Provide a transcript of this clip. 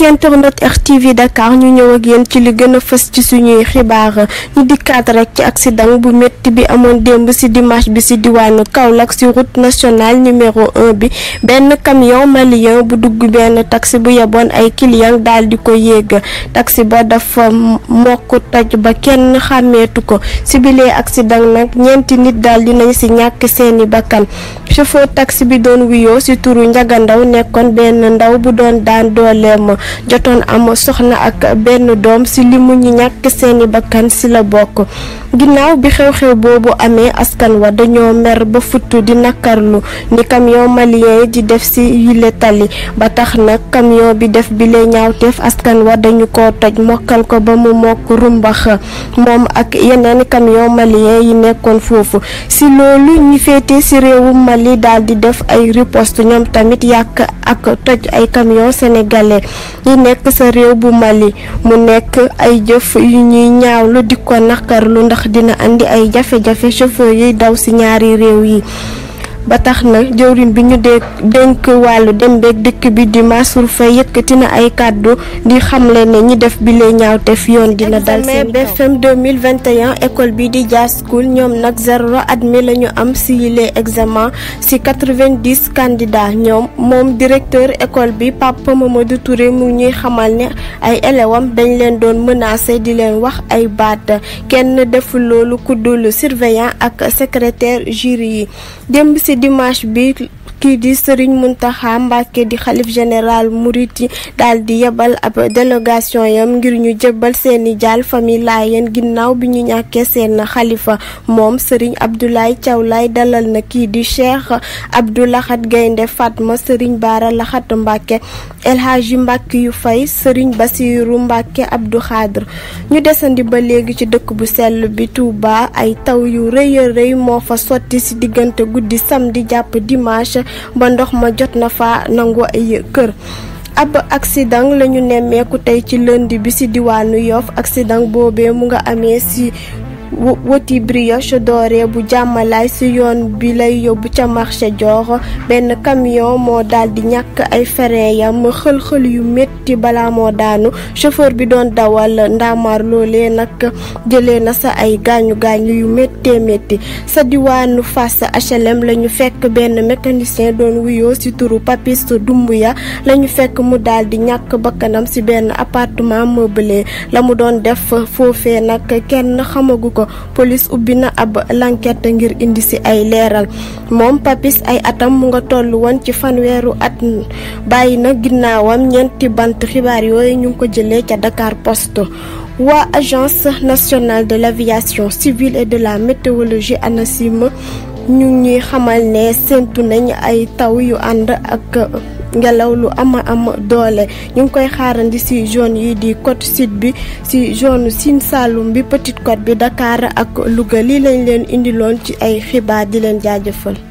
mbokki internet RTV Dakar ñu ñëw ak yéen ci li gën a fës ci suñuy xibaar ñu dikkaat rek ci accident bu metti bi amoon démb ci dimanche bi ci diwaanu Kaolack ci route nationale numéro 1 bi benn camion malien bu dugg benn taxi bu yeboon ay client daal di ko yéeg taxi ba dafa mokk toj ba kenn xàmmeetu ko ci bilee accident nag ñeenti nit daal dinañ ci ñàkk seeni bakkan chauffeur taxi bi doon wuyoo ci turu Njaga Ndaw nekkoon benn ndaw bu doon daan dooleem jotoon am soxna ak benn doom ci limu ñi ñàkk seeni bakkan si la bokk ginnaaw bi xew-xew boobu amee askan wa dañoo mer ba futt di nakkarlu ni camion malien di def ci yile tali ba tax nag camion bi def bi lay ñaawteef askan wa dañu ko toj mokkal ko ba mu mokk rumbax moom ak yeneen camion malien yi nekkoon foofu si loolu ñi féete si réewum Mali daal di def ay riposte ñoom tamit yàq ak toj ay camion sénégalais yi nekk sa réew bu Mali mu nekk ay jëf yu ñuy ñaawlu di ko naqarlu ndax dina andi ay jafe-jafe chauffeur yuy daw ci ñaari réew yi ba tax na jëwriñ bi ñu dee dénk wàllu dem beeg dikk bi di Mansour Faye yëkkati na ay kàddu di xamle ne ñi def bi ñaaw ñaawteef yoon dina dal seen kaw BFM 2021 école bi di Dia School ñoom nag zéro admis la ñu am si yile examen si 90 candidats ñoom moom directeur école bi Papa Mamadou Touré mu ñuy xamal ne ay élèves dañ leen doon menacé di leen wax ay baat kenn deful loolu ku dul surveillant ak secrétaire jury yi c'est du marche ki di serigne muntaha mbàkke di khalif general muriti dal di yebal ab delegation yam ngir ñu jebal seeni jaal fami layen ginnaw bi ñu ñaké seen khalifa mom serigne abdoulaye tiawlay dalal na ki di cheikh abdoulah khat gaynde fatma Bara baara laxat El elhaji mbàkke yu fay serigne basirou mbàkke abdou xadr ñu desandi ba legi ci dekk bu sel bi touba ay taw yu reey reey mo fa soti ci diggante guddi samedi japp dimanche ba ndox ma jot na fa nangu kër ab accident la ñu nemmeeku tey ci lundi bi ci diwaanu Yoff accident boobee mu nga amee ci wuti brioche dorée bu jàmmalaay si yoon bi lay yóbbu ca marché Dior benn camion moo daldi di ñàkk ay frein yam xël-xël yu métti bala moo daanu chauffeur bi doon dawal ndaamaar loole nag jële na sa ay gaañu gaañu yu méttee métti sa diwaanu fas HLM la ñu fekk benn mécanicien doon wuyoo ci turu Papis dumb la lañu fekk mu daal di ñàkk bakkanam ci benn appartement meublé la mu doon def foofee nag kenn xamagu ko ko ubbi na ab l'enquête ngir indi si ay leeral moom papis ay atam mu nga toll woon ci fanweeru at bàyyi na ginnaawam ñeenti bant xibaar yooyu ñu ngi ko jëlee ca Dakar Poste waa agence nationale de l'aviation civile et de la météorologie ANACIM ñu ngi xamal ne séntu nañ ay taw yu ànd ak ngelaw lu ama am doole ñu ngi koy xaarandi ci zone yi di côte sud bi ci zone Sine Saloum bi Petite Côte bi Dakar ak Louga lii lañ leen indiloon ci ay xibaar di leen jaajëfal